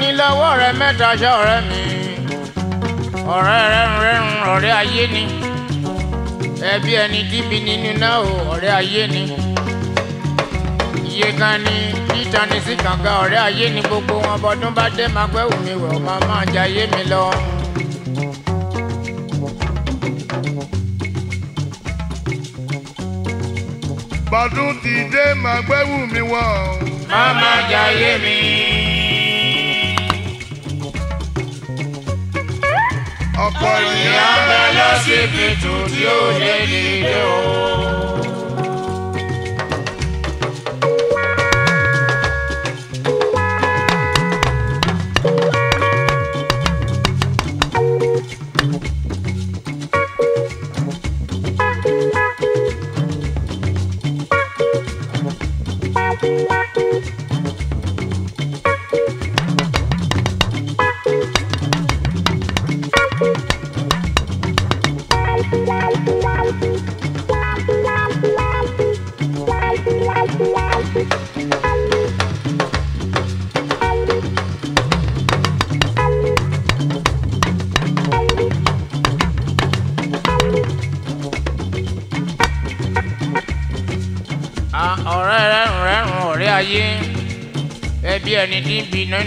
ní lọ́wọ́ rẹ mẹ́ta ṣe ọ̀rẹ́ mi ọ̀rẹ́ rẹ́rùn rẹ́rùn ọ̀rẹ́ ayé ni ẹbí ẹni díbi nínú náà o ọ̀rẹ́ ayé ni iye kan ni títa ni sí kànga ọ̀rẹ́ ayé ni gbogbo wọn bọdún bá dé máa pẹ́ wù mí wẹ̀ ọ́ máa máa jẹ ayé mi lọ. bọdún ti dé máa pẹ́ wọ̀ ọ́. má jẹ ayé mi. ọ̀pọ̀ ènìyàn bẹ lọ́sibítù tí ó lè dìde o.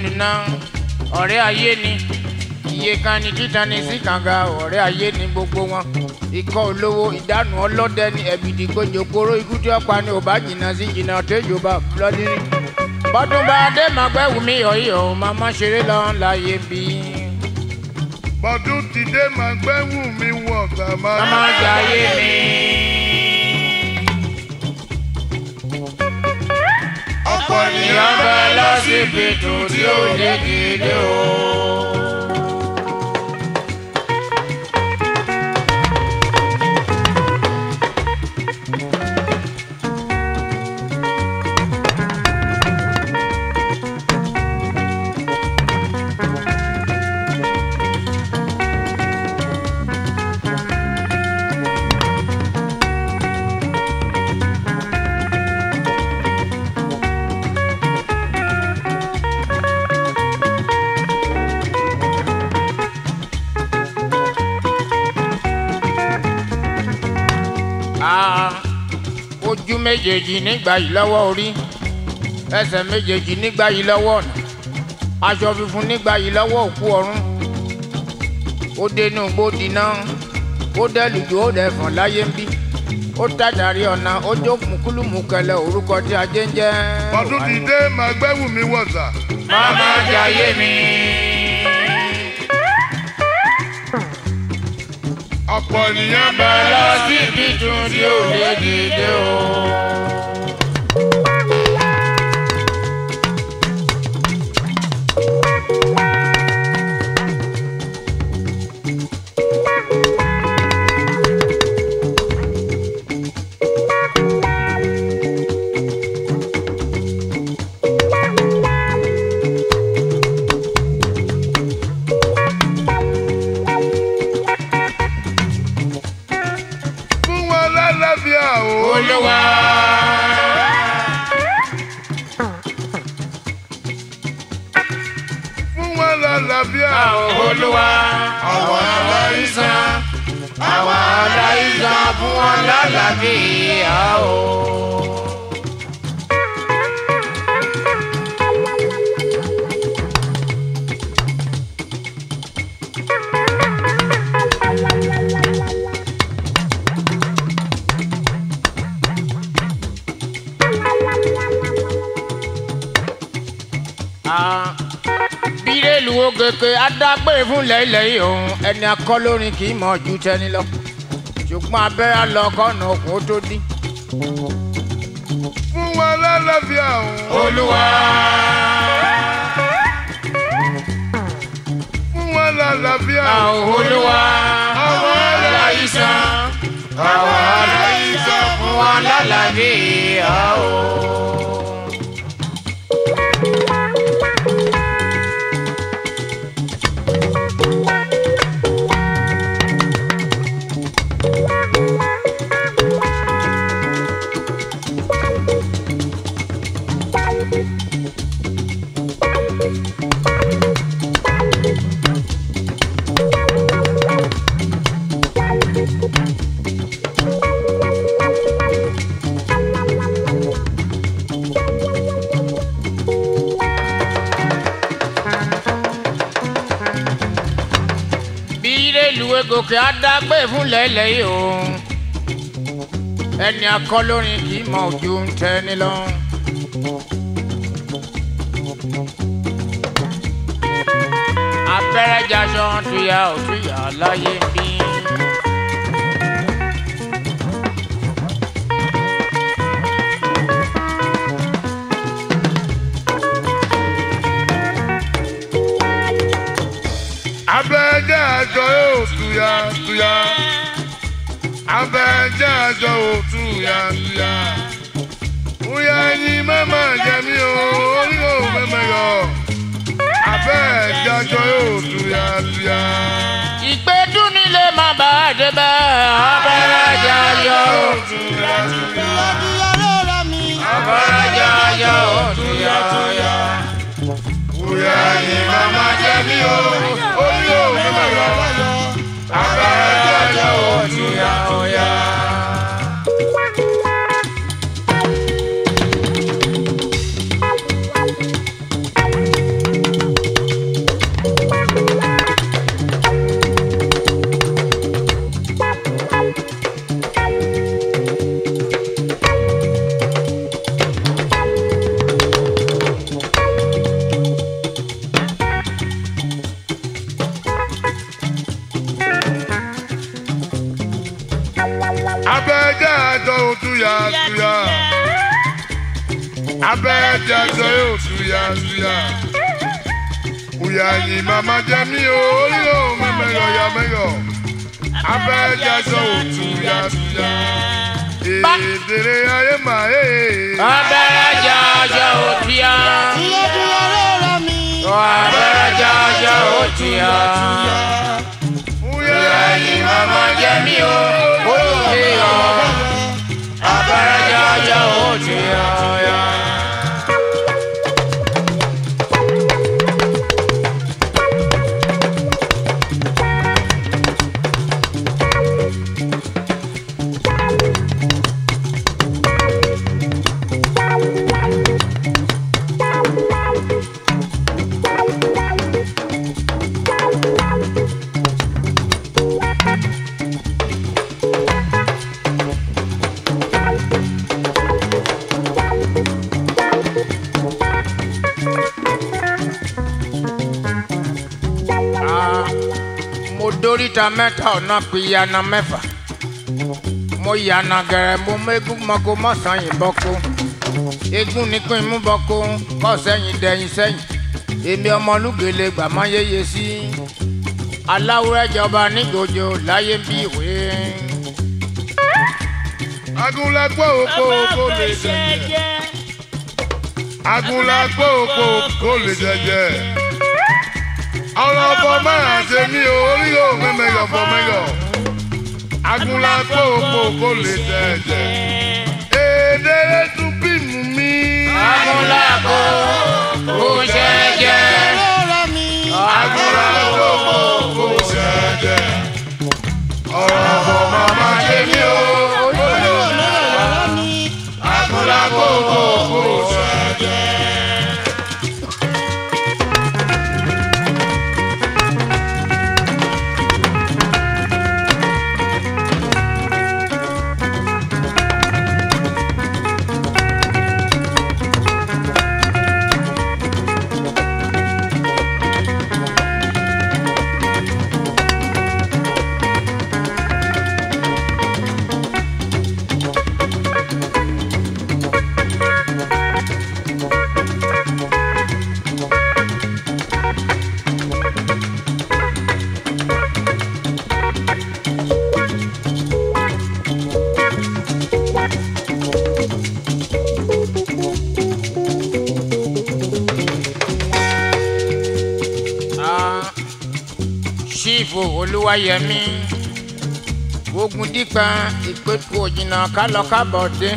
nìna ọ̀rẹ́ ayé ni iye kan ni dídán ni sí kànga ọ̀rẹ́ ayé ni gbogbo wọn ikọ̀ olówó ìdánù ọlọ́dẹ ni ẹ̀bìdì gbòjòkóró ikú tí ọ̀pá ni ò bá jìnnà sí jìnnà tẹ́jọ́ bá lọ́dínrín bọ́dún bá dé màgbẹ́ wù mí yọ̀ọ́yọ̀ màmá ṣeré lọ láyé bí. bọ́dún ti dé màgbẹ́ wù mí wọ̀ bàmá. màmá ṣayé mi. ọkọ nìyá bẹ́ẹ̀. lásìkò tó dé òye in o. méjèèjì nígbà yìí lọ́wọ́ orí ẹsẹ̀ méjèèjì nígbà yìí lọ́wọ́ ọ̀nà aṣọ funfun nígbà yìí lọ́wọ́ òkú ọ̀run ó dénú gbó dínà ó dẹ́lù jù ó dẹ̀fọ̀n láyé ń bí ó tàjàrí ọ̀nà ó jó mùkúlùmù kẹlẹ orúkọ tí ajé ń jẹ́. ọdún dìde màgbẹ́wù mi wọ̀sà. má má jayé mi. ọ̀pọ̀ ènìyàn bẹ̀rẹ̀ síbi tún tí ò lè dìde o. olúwa ọwọ́ aláìsàn àwọn aláìsàn fún wọn lálàáfíà o. ògèkè adágbé fúnlẹ̀ ilẹ̀ yìí òun ẹni akọ́ lórin kì í mọ̀ ju tẹni lọ ṣùgbọ́n abẹ́rẹ́ lọ òkú tó dín. fún wa lálàáfíà òun. olúwa. fún wa lálàáfíà òun. olúwa. àwa aláìsàn. àwa aláìsàn fún wa lálàáfíà òun. ewé gòkè á dágbé fúnlẹ̀ ilẹ̀ yìí o ẹni akọlórin kì í mọ ojú ń tẹ ní lọ. abẹ́rẹ́ jaṣọ tuyà ò tuyà láyé bí. lájọ o túyàtúyà. ya ẹni mẹ́mà jẹ mí o, onílò mẹ́mà yọ. Àbẹ́ ìdájọ́ yóò túyàtúyà. Ìpẹ́dún ni lè má bàá dé bẹ́ẹ̀, abẹ́rẹ́ ìdájọ́ ya túyàtúyà. Abẹ́rẹ́ ìdájọ́ yóò túyàtúyà. Bóyá ẹni mẹ́mà jẹ mí o, onílò mẹ́mà yọ. Abẹ́rẹ́ ìdájọ́ yóò túyàtúyà. ya mẹ́ta ọ̀nà pìyànà mẹ́fà mo yànà gẹ̀rẹ́ mo mẹ́gùn mọ́kó mọ́sàn-án bọ́kó egun nípìn mú bọ́kó kọ́ sẹ́yìn kọ sẹ́yìn èmi ọmọlúgele gbàmáyéye sí aláwúrẹ́ jọba nígbòjò láyé bí ìwé. agunlagbó oko oko lè jẹjẹ agunlagbó oko oko jẹjẹ. ọ̀rọ̀ ọ̀fọ̀ mẹ́rin ṣe ní orí yóò mẹ́mẹ́yọ̀ fọ mẹ́yọ̀ agunlá pé òpó kò lè tẹ̀jẹ̀ èdè tún bímú mi. agunlá kò. sífù olúwayẹmí ogun dípẹ́ ìpẹ́kù òjìnà kálọ̀kábọ̀dé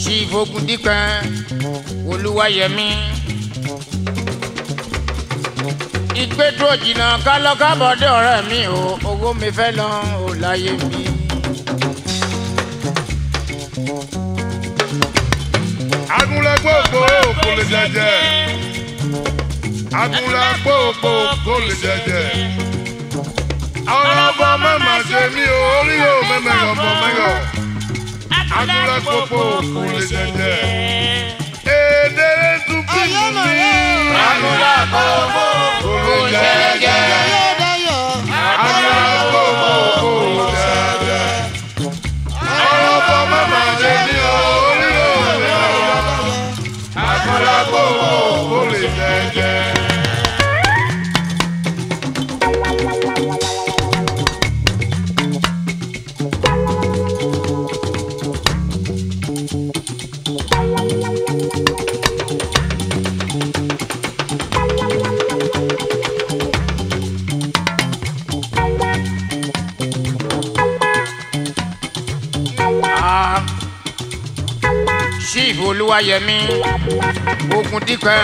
sífù ogun dípẹ́ olúwayẹmí ìpẹ́kù òjìnà kálọ̀kábọ̀dé ọ̀rẹ́ mi o owó mi fẹ́ lọ ò láyé mi. agunlẹ́gbẹ́ ògbó kò lè jẹjẹ. Agunlá pòpò kò lè jẹjẹ. Ọlọ́gbọ́n mẹ́mà ṣe mí o, orí o mẹ́mẹ́ ọ̀pọ̀ mẹ́yọ̀. Agunlá pòpò kò lè jẹjẹ. Èdè tún bí mi. Agunlá pòpò kò lè jẹjẹ. Agunlá pòpò kò lè jẹjẹ. Ọlọ́gbọ́n mẹ́mà fáyẹmí ogun díkẹ́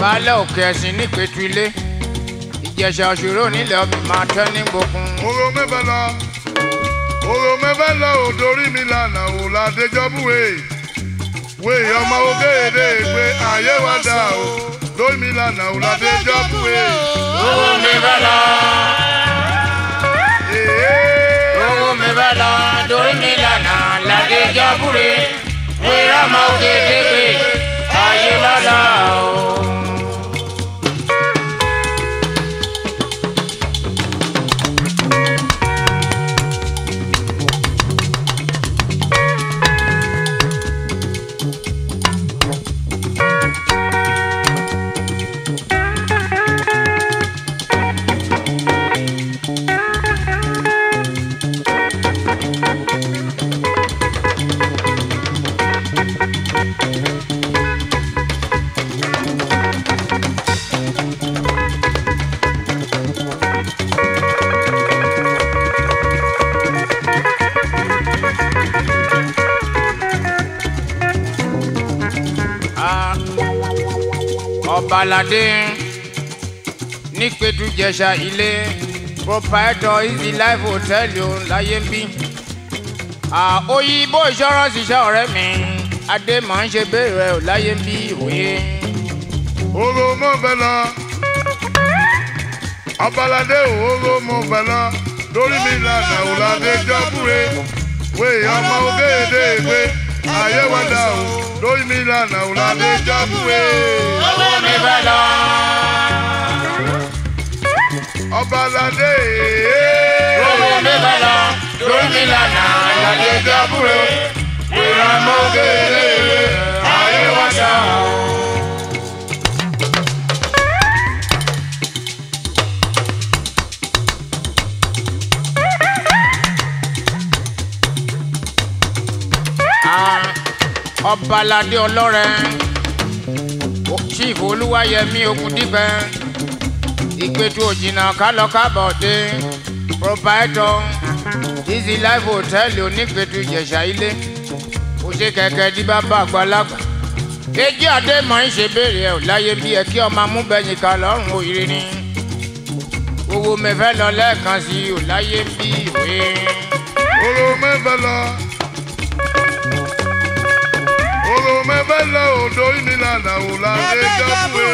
baálẹ̀ òkè ẹ̀sìn nípẹ̀tù ilé ìjẹ̀ṣà òṣèré onílẹ̀ ọbẹ̀ máa tẹ́ ní gbókun. oró mẹ́fẹ́ lọ oró mẹ́fẹ́ lọ òdòrí mi lànà òòlà àdéjọ́búwe wé ọmọ ogéèdè pé ayé wa dà o lórí mi lànà òòlà àdéjọ́búwe. oró mẹ́fẹ́ lọ. oró mẹ́fẹ́ lọ dorí mi lànà làdéjọ́búwe. Hey, I'm out there, Are you loud? Aládé nípẹ̀tù Jẹ̀ṣà ilé proprietor easy life hotel òun láyé ń bí. òyìnbó insurance iṣẹ́ ọ̀rẹ́ mi adé màá ń ṣe bẹ́ẹ̀ rẹ̀ ò láyé ń bí òye. oro mo fẹ́ lọ abalade oro mo fẹ́ lọ lórí mi lànà òlàdé jọ́búre wé ọmọ ogéèdè gbé ayé wàdà òun lórí mi lànà òlàdé jábúwe. owó mi fẹ́ lọ. ọba ládé. owó mi fẹ́ lọ lórí mi lànà òlàdé jábúwe. ọbaládé ọlọ́rẹ chief olúwayẹmí ogundípẹ ìgbẹ́jọ òjìnà kálọ kábọ̀ dé proprietor easy life hotel onígbẹ́jọ ìjẹ̀ṣà ilé òṣè kẹ̀kẹ́ díbàbà àgbàlagbà kejì adé mọ̀ ń ṣe béèrè ẹ̀ láyé bí ẹ kí ọmọ amúbẹ̀yìn kan lọ́rùn òyìnrìn ni owó mẹ́fẹ́ lọ lẹ́ẹ̀kan sí ò láyé bí ìwé. owó mẹ́fẹ́ lọ. mẹ́fẹ́lá odò ìnìlànà òlà ẹ̀ẹ́dẹ́gbùwé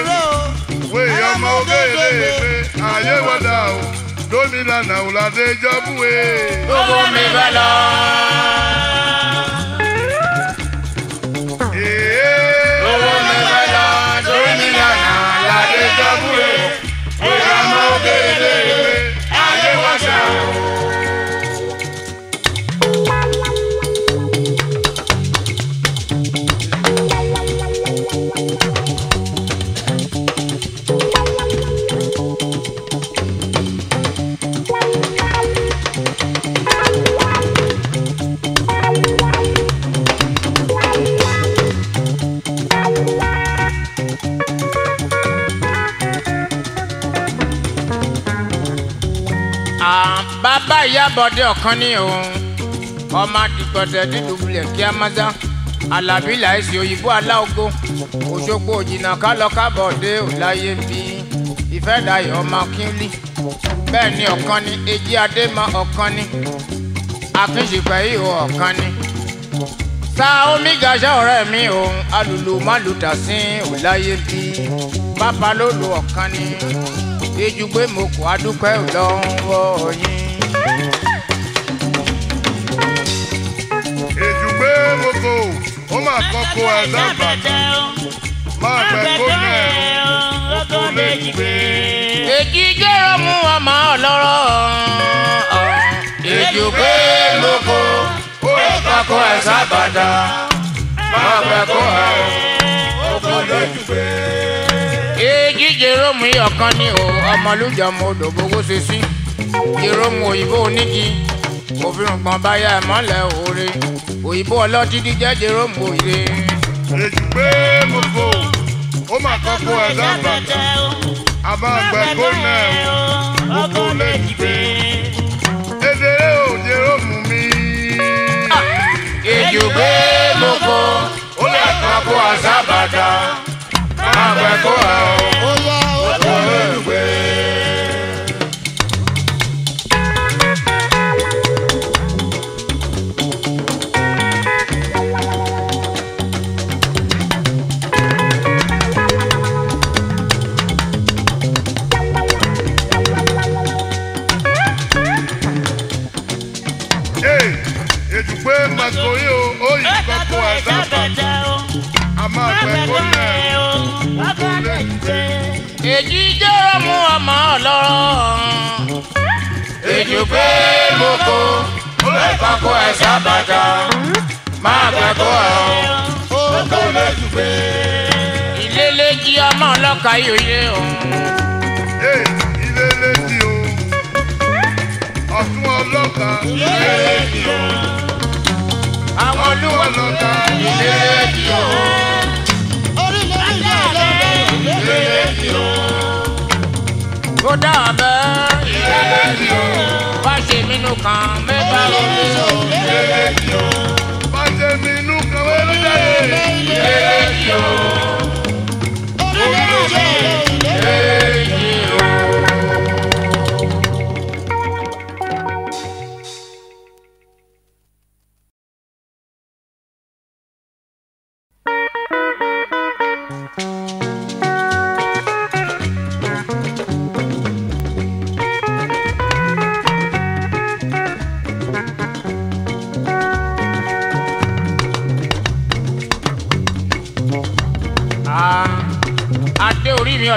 wé ọmọ ogéèléègbé ayé wọ́dà o lómìnira òlà ẹ̀ẹ́dẹ́gbùwé. owó mi bá lọ. owó mi bá lọ lómìnira òlà ẹ̀ẹ́dẹ́gbùwé. Àyìndé ọ̀kan ní òun ọmọ àdìgbọ̀dẹ̀ dídùbulẹ̀ kí á máa dá alábí láìsí òyìnbó aláogo òṣogbo òjìnà kálọ kábọ̀ dé òláyé bí ìfẹ́ dayọ̀ ọmọ kínlí bẹ́ẹ̀ ni ọ̀kan ni Èjì Adémọ ọ̀kan ni akínṣìfẹ́ ìhò ọ̀kan ni ta omi gàṣà ọ̀rẹ́ mi òun alùlù málùtà sí òláyé bí bàbá ló ọ̀kan ni ejùgbé mo kò adúpẹ́ òlọ́wọ́ yín. àkọ́kọ́ alábàtà ma bẹ gómìnà oko lẹ́yìn gbé. èjì jẹ́rọ mú ọmọ ọlọ́rọ̀ èjì gbé lóko ó kọ́kọ́ ẹ̀ sábàdà máa bẹ oko lẹ́yìn èjì ṣe sí òyìnbó òfin nǹkan báyà mọ́lẹ̀ òre òyìnbó ọlọ́tí di jẹ́jẹ́ rómù òye. èjì pé mo fò ó mà kọ́ fún ẹ̀dá bàtà àbáǹgbẹ̀ gómìnà gbogbo lẹ́yìn pé èdèrè òde rómù mi. èjì pé mo fò ó mà kọ́ fún ẹ̀dá bàtà àbáǹgbẹ̀ gómìnà gbogbo lẹ́yìn pé. pé màkòyí o ó yí kọ́kọ́ àdábà a máa fẹ́ kó yẹ kó lè gbé. èjì jẹ́rọ mú ọmọ ọlọ́rọ̀. èjì pé mo kó ó yí kọ́kọ́ àdábà máa fẹ́ kó yẹ kó lè gbé. ilé ọmọ ọlọ́kà yóò yé o. ilé lẹ́jì o àwọn olúwa ló ta ilé rédíò. orílẹ̀-èdè àlẹ́ ilé rédíò. ó dá abẹ́ ilé rédíò. bá ṣe mínú kan mẹ́ta lórí ilé rédíò. bá ṣe mínú kan mẹ́ta lórí ilé rédíò. orílẹ̀-èdè àlẹ́ ilé rédíò.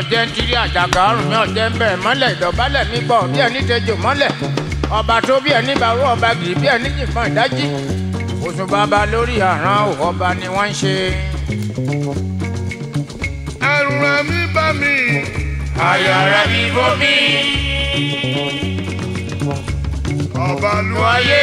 ọ̀jẹ́ ń tiri àjàgà ọ̀rùn mi ọ̀jẹ́ ń bẹ̀rẹ̀ mọ́lẹ̀ ìdọ̀bálẹ̀ mi bọ̀ bí ẹni tẹjọ mọ́lẹ̀ ọba tó bí ẹni bàrú ọba gìrì bí ẹni yìnbọn ìdájí òsùn bàbá lórí àrán ọba ni wọ́n ń ṣe. ẹ̀rù rẹ̀ mi bá mi. ayọ̀ rẹ̀ mi bó mi. ọba lu ayé.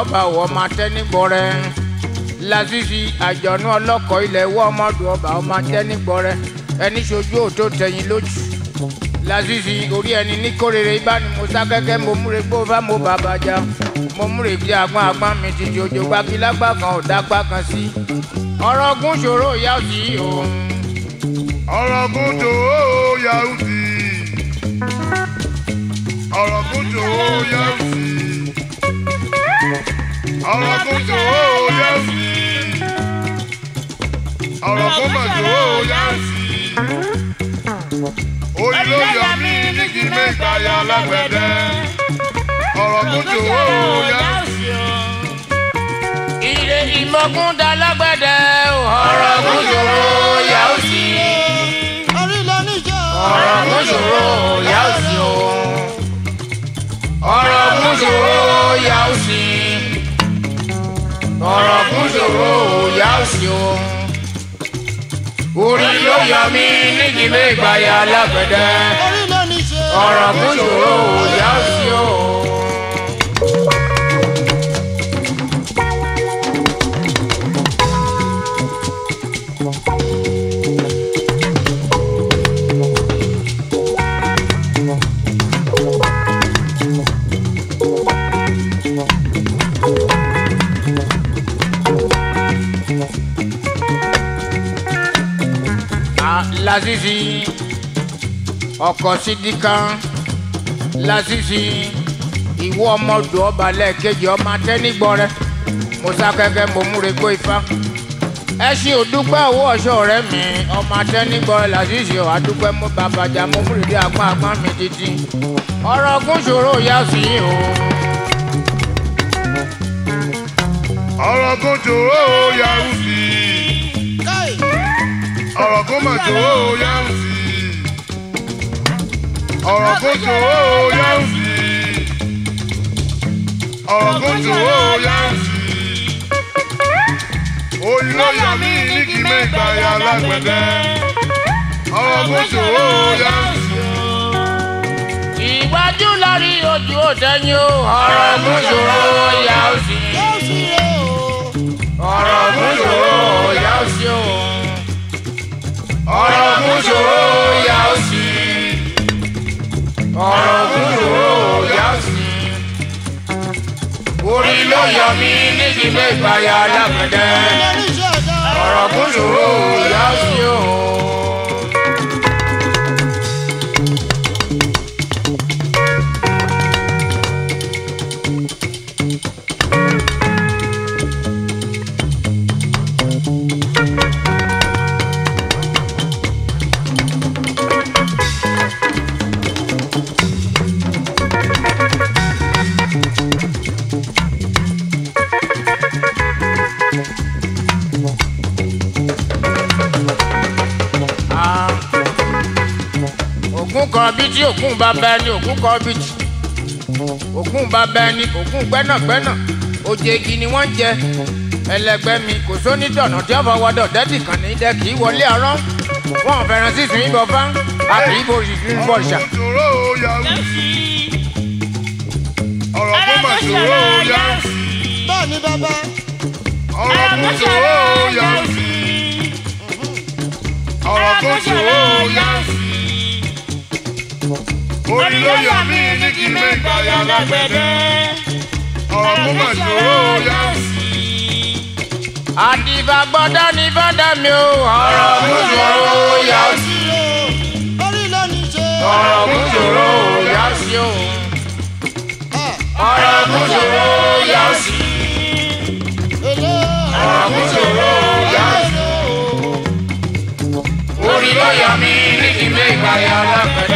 ọba wọ ọmọ atẹ́nigbọrẹ Lasisi àjọ̀nú ọlọ́kọ̀ ilẹ̀ wọ ọmọdù ọba ọmọ atẹ́nigbọrẹ ẹni ṣojú òtó tẹ̀yìn lójú Lasisi orí ẹni ní kórèrè ìbáni mo sá kẹ́kẹ́ mo múre gbó bá mo bàbá já mo múre gbé agbọ́n agbọ́n mi ti di ojo gbakilágbá kan ọ̀dá gbá kan sí ọ̀rọ̀ ogun ṣòro ìyá òsì òun. ọ̀rọ̀ ogun ṣòro ìyá òsì ọ̀rọ̀ ogun ṣòro ìyá òsì ọ̀rọ̀ kún tó ó yá sí ọ̀rọ̀ kún mà tó ó yá sí. orí ló mí nígi mẹ́ta ya lágbẹ̀dẹ ọ̀rọ̀ kún tó ó yá sí. ire ìmọ̀kún da lágbẹ̀dẹ ọ̀rọ̀ kún tó ó yá sí. ọ̀rọ̀ kún tó ó o ọ̀rọ̀ kún tó ó ọ̀rọ̀ kún ṣòro òòyà òsì o. orí ló yọ mí nídìílé ìgbàyà alágbẹ̀dẹ ọ̀rọ̀ kún ṣòro òòyà òsì o. ọkọ̀ sídìkan lásìsì ìwọ ọmọdù ọba lẹ́ẹ̀kejì ọmọ atẹ́nigbọ́rẹ́ musa kẹ́kẹ́ mo múre kó ifá ẹ ṣe òdúpẹ́ owó ọ̀ṣọ́ ọ̀rẹ́ mi ọmọ atẹ́nigbọ́rẹ́ lásìsì àdúpẹ́ mú babajà mo múre dé agbọ́n agbọ́n mi títí ọ̀rọ̀ ọ̀gùn ṣòro yá sí i o. ọ̀rọ̀ ọ̀gùn yá sí i ọ̀rọ̀ ọ̀gùn yá sí i ọ̀rọ̀ kóso ó yá ń sí ọ̀rọ̀ kóso ó yá ń sí. olóyà mi ní kí mẹ́ta ya lágbẹ̀dẹ ọ̀rọ̀ kóso ó yá ń sí. ìwájú lọ ojú òdẹ́yìn o ọ̀rọ̀ kóso ó yá ń sí. ọ̀rọ̀ kóso ó yá ń sí o ọ̀rọ̀ kóso ó yá ń sí ọ̀rọ̀ òwúrò yá sí. orí ló yọ mí nídìí mẹ́gbàá yá lágbẹ̀dẹ ọ̀rọ̀ òwúrò yá o. tí ògùn bàbá ẹni ògùn kọ́bìtì ògùn bàbá ẹni ògùn gbẹ́nàgbẹ́nà òjè igi ni wọ́n jẹ ẹlẹgbẹ́ mi kò sóní dọ̀nà tí ọ̀fọ̀ wọ́dọ̀ dẹ́tì kan ní dẹ́ kì í wọlé arán wọn fẹ́ràn sísun ibọ̀ fán a kì í bo ìdún bọ̀ ṣà. ọ̀rọ̀ kó mà ṣòro yá sí. bẹ́ẹ̀ ni bàbá. ọ̀rọ̀ kó ṣòro yá sí. ọ̀rọ̀ kó ṣòro yá sí orí ló yà mí ní kí lè gbà yà lágbẹ̀dẹ. ọ̀rọ̀ mú mà ṣòro yá sí. àdìbà gbọ́dọ̀ ní fọ́dà mi o ọ̀rọ̀ mú ṣòro yá sí. orí ló ní ṣe. ọ̀rọ̀ mú ṣòro yá sí o. ọ̀rọ̀ mú ṣòro yá sí. ọ̀rọ̀ mú ṣòro yá sí. orí ló ní kí lè gbà yà lágbẹ̀dẹ.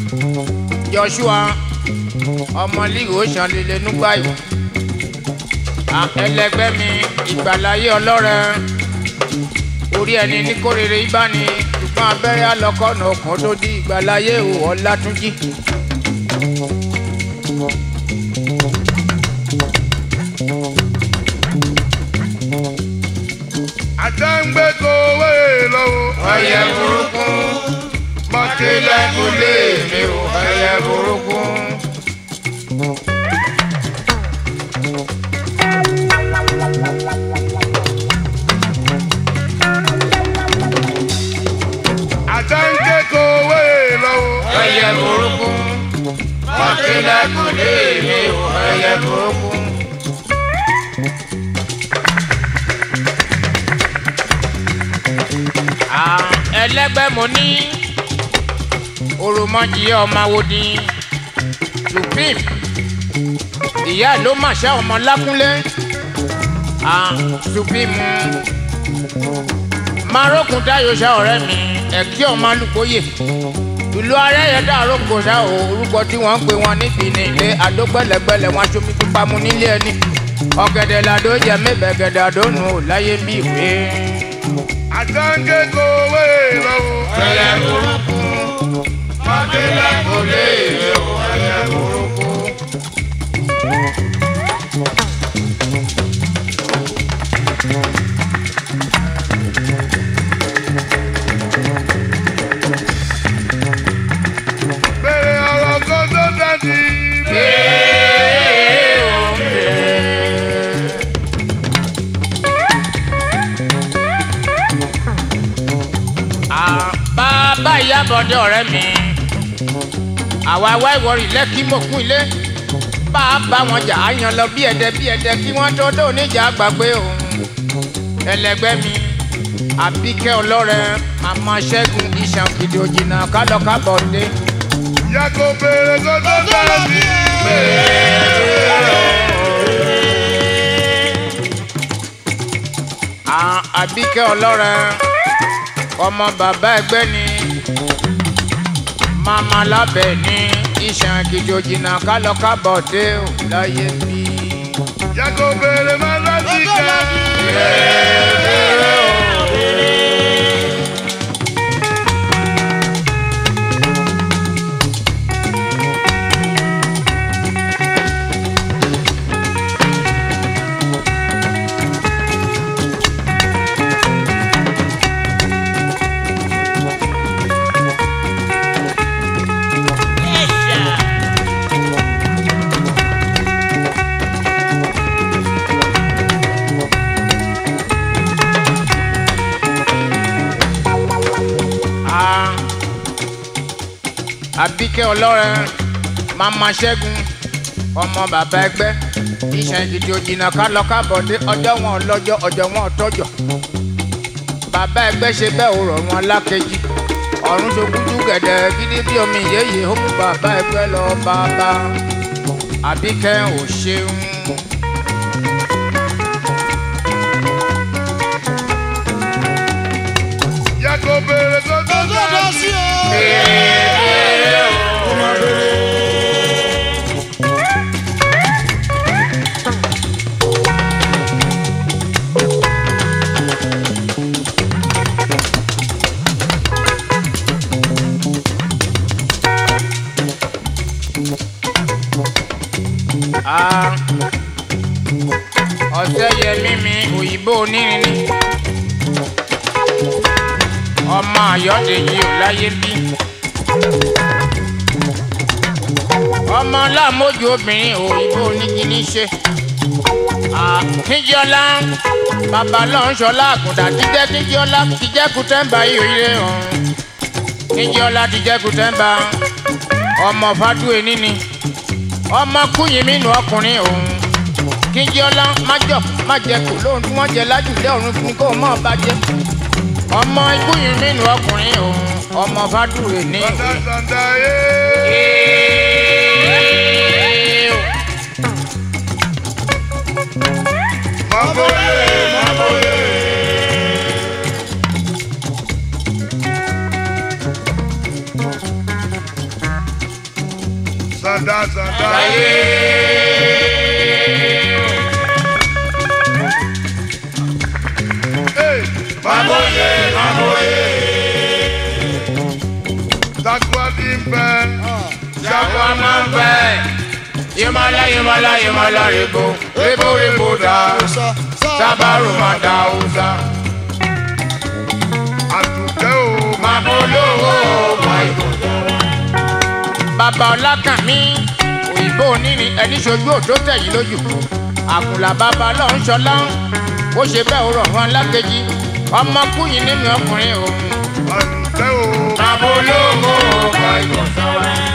Joshua ọmọ líìgì ocean líle nùgbàyò ẹlẹgbẹ́ mi ìgbàláyé ọlọ́rẹ́ orí ẹni ní kórèrè ìbáni ṣùgbọ́n abẹ́rẹ́ alọ́kọ̀nà ọkàn tó di ìgbàláyé ò ọ̀làtúnjì. àtẹ̀ǹgbẹ́kọ̀wé lọ́wọ́ ọ̀yẹ̀ burúkú mọ́tìlẹ́kùlé o ẹyẹ burúkú. àtẹ̀ǹkẹ́ kò wé lọ́wọ́ ẹyẹ burúkú. wọ́n ti lẹ́kùn dé mi o mo ní oromọjìyẹ ọmọ awodin supreme ìyá ló mà ṣá ọmọ lákúnlé supreme marókun táyọ̀ ṣá ọ̀rẹ́ mi ẹ̀kí ọmọ alùpòye ìlú arẹ́yẹdá àròkòṣà ò orúkọ tí wọ́n ń pè wọ́n níbi ní ilé àdógbẹ̀lẹ̀gbẹ̀lẹ̀ wọn aṣomi pípa mu nílé ẹni ọ̀gẹ̀dẹ̀ làdó jẹ mẹ́bẹ̀gẹ̀dẹ̀ àdónù láyé bí ìwé. àtàǹgẹ̀kọ̀ owó èrò. ọ̀rẹ́ burúkú. Mákélé kò dé ìwé òun ẹgbẹ́ burúkú. Bèrè ọ̀rọ̀ gbọ́dọ̀ dàdí. Bèrè òkè. bàbá ìyábọ̀dé ọ̀rẹ́ mi àwa wá ìwọ̀rì lẹ́kí mọ̀kún ilé bá a bá wọn jà á yan lọ bí ẹ̀dẹ̀ bí ẹ̀dẹ̀ kí wọ́n tó tó níjà gbàgbé òun ẹlẹgbẹ́ mi àbíkẹ́ ọlọ́rẹ̀ àmọ́ ṣẹ́gun iṣan gidi òjìnà kálọ̀ kábọ̀ dé. yàgò bèrè gbọdọ̀ bẹ̀rẹ̀ mi. àbíkẹ́ ọlọ́rẹ̀ ọmọ bàbá ẹgbẹ́ ni mama lábẹ́ ní iṣan kìjọ jìnnà kálọ kábọ̀ dé ò láyé bí. jago bèrè máa lásìkò. bèrè bèrè. Àbíkẹ́ ọlọ́rẹ́ mama ṣẹ́gun ọmọ bàbá ẹgbẹ́ iṣẹ́ gidi òjìnà ká lọ káàbọ̀ dé ọjọ́ wọn lọ́jọ́ ọjọ́ wọn tọ́jọ́ bàbá ẹgbẹ́ ṣe bẹ́ẹ̀ ò rọrùn alákejì ọ̀run ṣokúndú gẹ̀dẹ̀ gidi bí omi yéye ó mú bàbá ẹgbẹ́ lọ bàbá Àbíkẹ́ ò ṣeun. yàgò bèrè gbogbo gbàgbé. òyìnbó onírin ni ọmọ Ayọ̀dèjì ò láyé bí ọmọ láàmójú obìnrin òyìnbó onígi ní ṣe kíjọlá babalọ́nṣọlá àkùdà jíjẹ́ kíjọlá jíjẹ́kùtẹ́ǹbà ìríré ọ̀hún kíjọlá jíjẹ́kùtẹ́ǹbà ọmọ fàdúrà níní ọmọ kúyìmínú ọkùnrin òun kí n jẹ ọlá má jọ má jẹ kò lóhun tí wọ́n jẹ lájùlẹ̀ ọ̀run fún kó mọ̀ bàjẹ́ ọmọ ikú yìí nínú ọkùnrin òun ọmọ fàdúrè ní Maboye, maboye. Sada, sada. Sada, sada. amòye amòye. Takuadi ń bẹ, Jagua máa ń bẹ. Yemala yemala yemala ebo, ebo ebo da, sábàrò máa da ọ̀sà. Àtùkẹ́ o, màmá olówó ọmọ ìbò dára. Bàbá Ọlákànmí, òyìnbó onírin ẹni ṣojú òtó tẹ̀yìn lójú. Àkùlà bàbá lọ́n ó ṣe bẹ́ẹ̀ ó rọ̀ fún alákejì ọmọkùnrin ní mi ọkùnrin òun. ọ̀ǹtẹ́ o. bàbá o. bàbá ológo ọba ìwọ̀sán rẹ̀.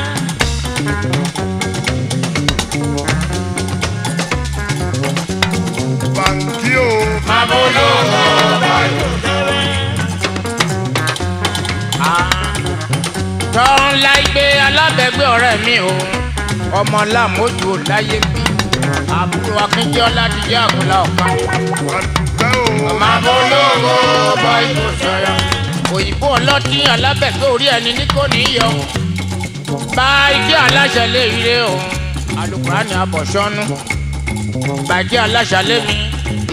tọ́run láì alábẹ́gbẹ́ ọ̀rẹ́ mi o ọmọ làmójú láyé bí àbúrò akíndé ọládìyẹ àgùnlá ọ̀kan pẹ́ o. boy abọ́lọ́wọ́ bá ìbò sọ̀rọ̀. òyìnbó ọlọ́tí alábẹ̀fẹ́ orí ẹni ní kò ní yọ. bá ike aláṣẹ lè rire o. alukura ni abọ̀sọ́nù. bàjẹ́ aláṣẹ lé mi.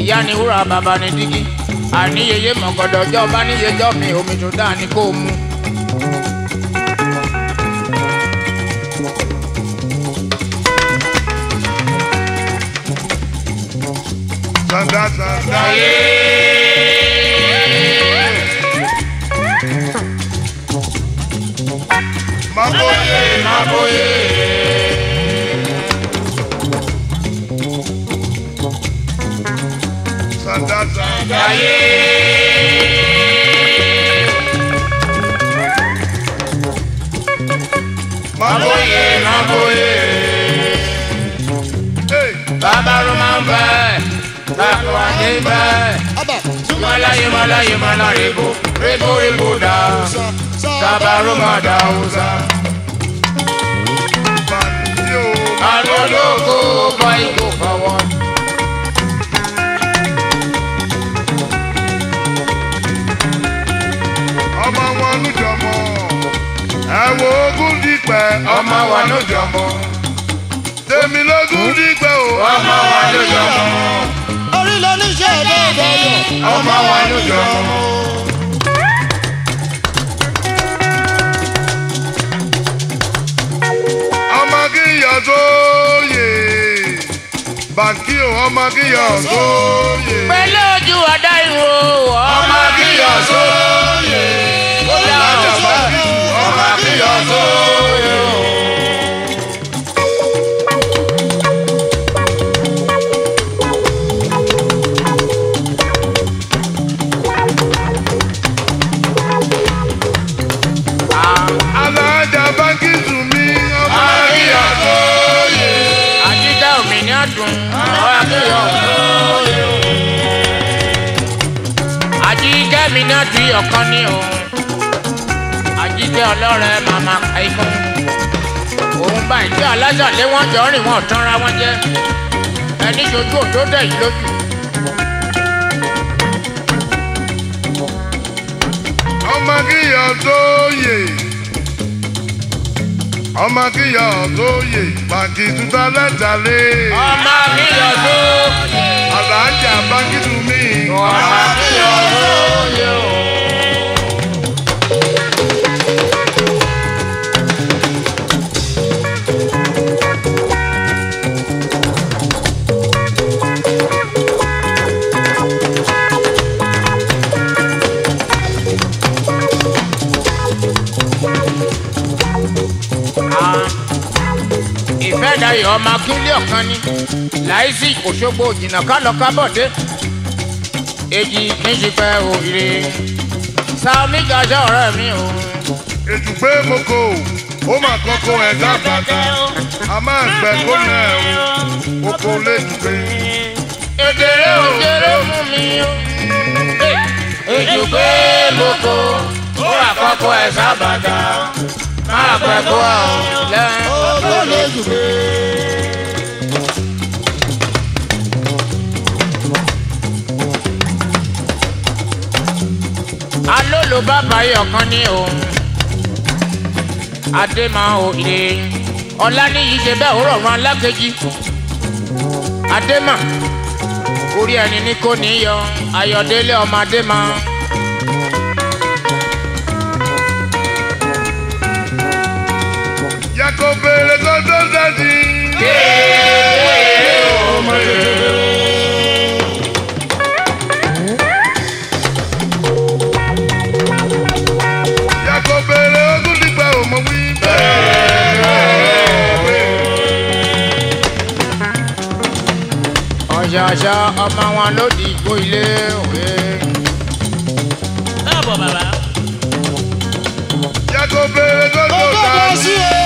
ìyá ni wúrà bàbá ni dígí. àníyeye mọ̀gọ́dọ̀ ọjọ́ bá níyejọ́ mi omi tó dáa ni kò mú. sanda sanda ye. Maboye maboye. sanda sanda ye. Maboye maboye. Hey. Baba Roman Bẹ́ẹ̀. Daluwa níbẹ̀. Jumala yimala yimala rebo rebo rebo da. Tabaro ma da oza. Àwọn olóko bá ìgò fọwọ́. Ọmọ wọn lójọmọ, ẹ̀wọ̀n ogún dípẹ́. Ọmọ wọn lójọmọ. Tèmi lógún dípẹ́ o. Ọmọ wọn lójọmọ orí lóníṣẹ́ ẹ̀ẹ́dẹ́gbẹ̀yẹ ọmọ wa ló yọ ọmọ. ọmọ kí n yọ sóòyè bàǹkì ò ọmọ kí n yọ sóòyè. pẹ̀lú ojú ọ̀dá ìwò ọmọ kí yọ sóòyè. ó yà ọ̀sán ọmọ kí yọ sóòyè. iná di ọ̀kan ní òun àjídé ọlọ́rẹ̀ màmá ikú òun bá ìjọ alájàlé wọn jọ rìn wọn tanra wọn jẹ ẹni jojú òjò dẹ̀ yìí lójú. ọmọ kíyà tó yè ọmọ kíyà tó yè pàkì tuntun alájàlé. ọmọ kíyà tó yè. alájà bá. ọmọ akínlé ọ̀kan ni láìsí òṣogbo jìnnà kálọ kábọ̀dé èjì kì í ṣe pẹ́ òrìrè sami gàṣẹ ọ̀rẹ́ mi o. ètùpé moko ó mà kọ́kọ́ ẹ̀dá bàtà a máa ń gbẹ gómìnà ẹ̀ o oko lẹ́tùpé. èdèrè òjèrè mú mi o. ètùpé moko ó mà kọ́kọ́ ẹ̀dá bàtà máa gbẹ gómìnà ẹ̀ o kó lè dùgbé. alólo bàbá yọkan o, òun adémáwò ilé ọláníyì ṣe bẹ́ẹ̀ òórọ̀ wọn alákejì adémà orí ẹni ní kò níyọ ayọ̀délé ọmọ adémà. akopele kọtọ dadi. kéèké ọmọ yẹn. ṣàṣà ọmọ wọn ló di igbó ilé òwe. káàbọ̀ bàbá. yàgò bèrè gbọ́dọ̀ ta ni. ó gbọ́dọ̀ sí i.